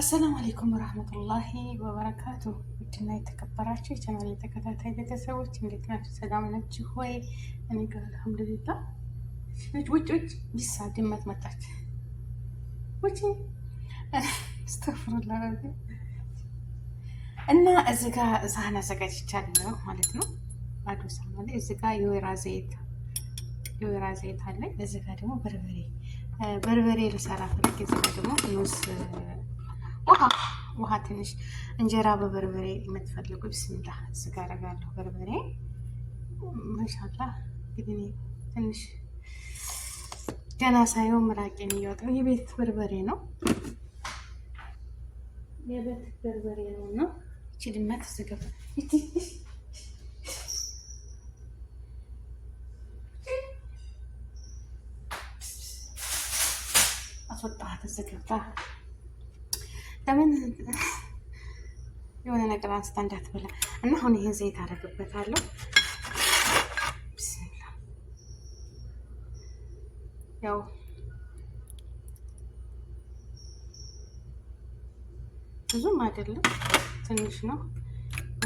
አሰላሙ አሌይኩም ወረህመቱላሂ ወበረካቱ። ውድና የተከበራችሁ የቻናል ተከታታይ ቤተሰቦች እንዴት ናችሁ? ሰላም ናችሁ ወይ? እኔ ጋር አልሐምዱሊላህ። ውጭ ውጭ ቢሳ ድመት መጣች። ውጭ ስተፍሩላ እና እዚህ ጋ ሳህን አዘጋጅቻለሁ ማለት ነው። አዶ ሳህን ላይ እዚህ ጋ የወይራ ዘይት የወይራ ዘይት አለኝ። እዚህ ጋ ደግሞ በርበሬ በርበሬ ልሰራ ፈልጌ እዚህ ጋ ደግሞ ኑስ ውሃ ውሃ ትንሽ እንጀራ በበርበሬ የምትፈልጉ ብስሚላ ስጋ አደርጋለሁ። በርበሬ ማሻላ እንግዲህ ትንሽ ገና ሳየው ምራቄን እያወጣው የቤት በርበሬ ነው የቤት በርበሬ ነው እና ይቺ ድመት ስገባ አስወጣት ስገብታ ለምን የሆነ ነገር አንስታ እንዳትበላ እና አሁን ይህን ዘይት አደርግበታለሁ። ያው ብዙም አይደለም ትንሽ ነው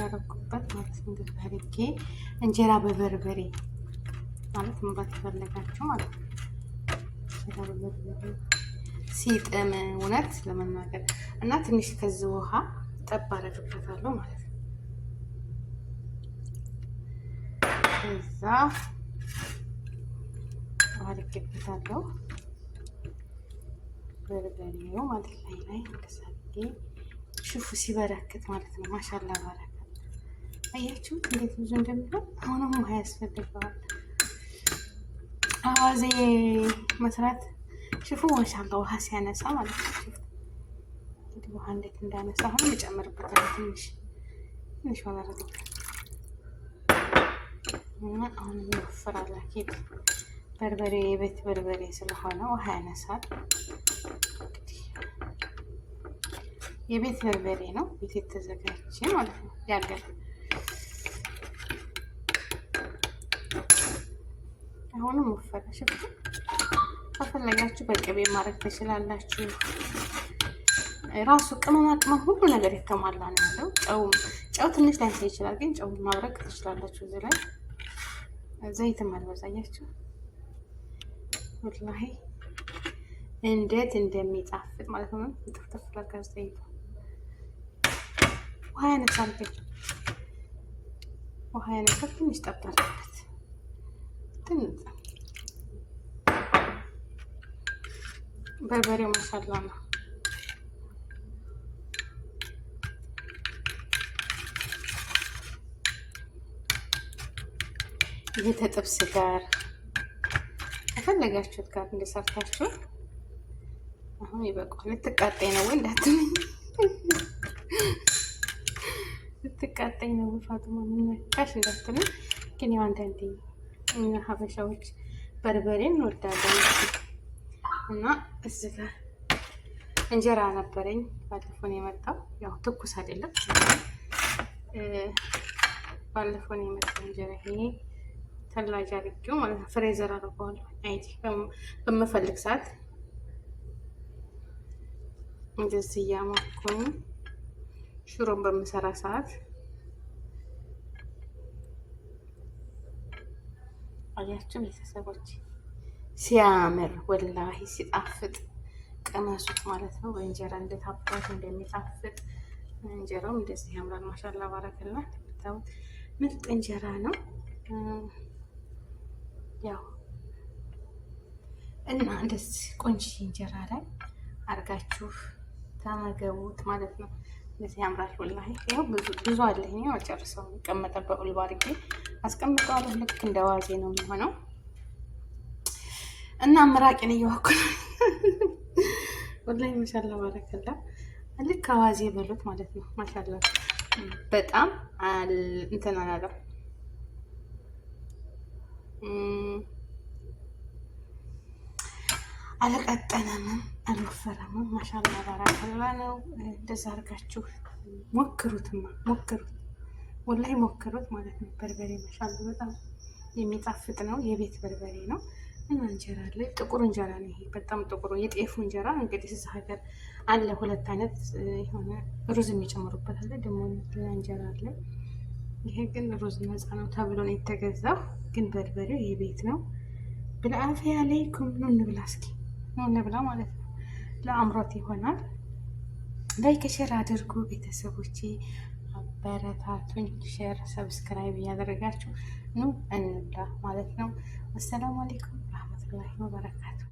ያደረኩበት ማለት እንግዲህ እንጀራ በበርበሬ ማለት መባት ፈለጋችሁ ማለት ነው እንጀራ በበርበሬ ሲጥም እውነት ለመናገር እና ትንሽ ከዚህ ውሃ ጠብ አደርግበታለሁ ማለት ነው። ከዛ አድርግበታለሁ በርበሬው ማለት ላይ ላይ ከሳዴ ሽፉ ሲበረክት ማለት ነው። ማሻላ በረከት አያችሁ እንዴት ብዙ እንደሚሆን አሁንም ውሃ ያስፈልገዋል። አዋዜ መስራት ሽፉ ወሻን በውሃ ሲያነሳ ማለት ነው። እንግዲህ ውሃ እንዴት እንዳነሳ አሁን እጨምርበታለሁ። ትንሽ ትንሽ ውሃ አደረግበት እና አሁን ይወፍራል። አኬት በርበሬ የቤት በርበሬ ስለሆነ ውሃ ያነሳል። የቤት በርበሬ ነው፣ ቤት የተዘጋጀ ማለት ነው። ያገር አሁንም ወፈረ ሽፉ ከፈለጋችሁ በቅቤ ማድረግ ትችላላችሁ። ራሱ ቅመማ ቅመም ሁሉ ነገር የተሟላ ነው ያለው። ጨው ጨው ትንሽ ላይ ይችላል፣ ግን ጨው ማድረግ ትችላላችሁ። እዚህ ላይ ዘይትም አልበዛያችሁ። ወላሂ እንዴት እንደሚጣፍጥ ማለት ነው። ጥፍጥፍ ለጋ ዘይቱ ውሃ ያነሳል፣ ውሃ ያነሳል። ትንሽ ጠብታችበት ትንጣ በርበሬው መሰላ ነው። ይህ ከጥብስ ጋር ከፈለጋችሁት ጋር እንደሰርታችሁ አሁን ይበቃዋል። ልትቃጠኝ ነው ወይ እንዳትመኝ፣ ልትቃጠኝ ነው ፋጡማ ምንካሽ እንዳትመኝ። ግን ያው አንዳንዴ እኛ ሀበሻዎች በርበሬ እንወዳለን። እና እዚህ ጋር እንጀራ ነበረኝ ባለፈውን የመጣው ያው ትኩስ አይደለም። ባለፈውን የመጣው እንጀራ ይሄ ተላጅ አድርጌው ማለት ነው ፍሬዘር አድርገዋለሁ። አይቲ በምፈልግ ሰዓት እንደዚህ እያማኩኝ ሽሮን በምሰራ ሰዓት አያችሁ ቤተሰቦች ሲያምር ወላሂ ሲጣፍጥ ቅመሱት ማለት ነው። በእንጀራ እንዴት አባት እንደሚጣፍጥ እንጀራው እንደዚህ ያምራል። ማሻላ ባረከላ። እንደምታዩት ምርጥ እንጀራ ነው። ያው እና እንደዚህ ቆንጂ እንጀራ ላይ አርጋችሁ ተመገቡት ማለት ነው። እንደዚህ ያምራል ወላሂ። ያው ብዙ አለ ይሄ ጨርሰው ቀመጠበቁል ባርጌ አስቀምጠዋለሁ። ልክ እንደ ዋዜ ነው የሚሆነው እና ምራቄን እየዋኩል ወላሂ ማሻላ ባረከላ ልክ አዋዜ የበሉት ማለት ነው። ማሻላ በጣም እንትን አላለም አልቀጠነምም አልወፈረምም። ማሻላ ባረከላ ነው። እንደዛ አርጋችሁ ሞክሩትማ ሞክሩት፣ ወላይ ሞክሩት ማለት ነው። በርበሬ ማሻላ በጣም የሚጣፍጥ ነው። የቤት በርበሬ ነው። እና እንጀራ አለ። ጥቁር እንጀራ ነው ይሄ፣ በጣም ጥቁር የጤፉ እንጀራ እንግዲህ እዚህ ሀገር አለ። ሁለት አይነት የሆነ ሩዝ የሚጨምሩበት አለ፣ ደግሞ ሌላ እንጀራ አለ። ይሄ ግን ሩዝ ነጻ ነው ተብሎ ነው የተገዛው፣ ግን በርበሬው ቤት ነው። ብልአፍያ አለይኩም ነው እንብላ፣ እስኪ ነው እንብላ ማለት ነው። ለአምሮት ይሆናል። ላይክ ሼር አድርጉ ቤተሰቦቼ፣ አበረታቱኝ። ሼር ሰብስክራይብ እያደረጋችሁ ኑ እንብላ ማለት ነው። አሰላሙ አለይኩም warahmatullahi wabarakatuh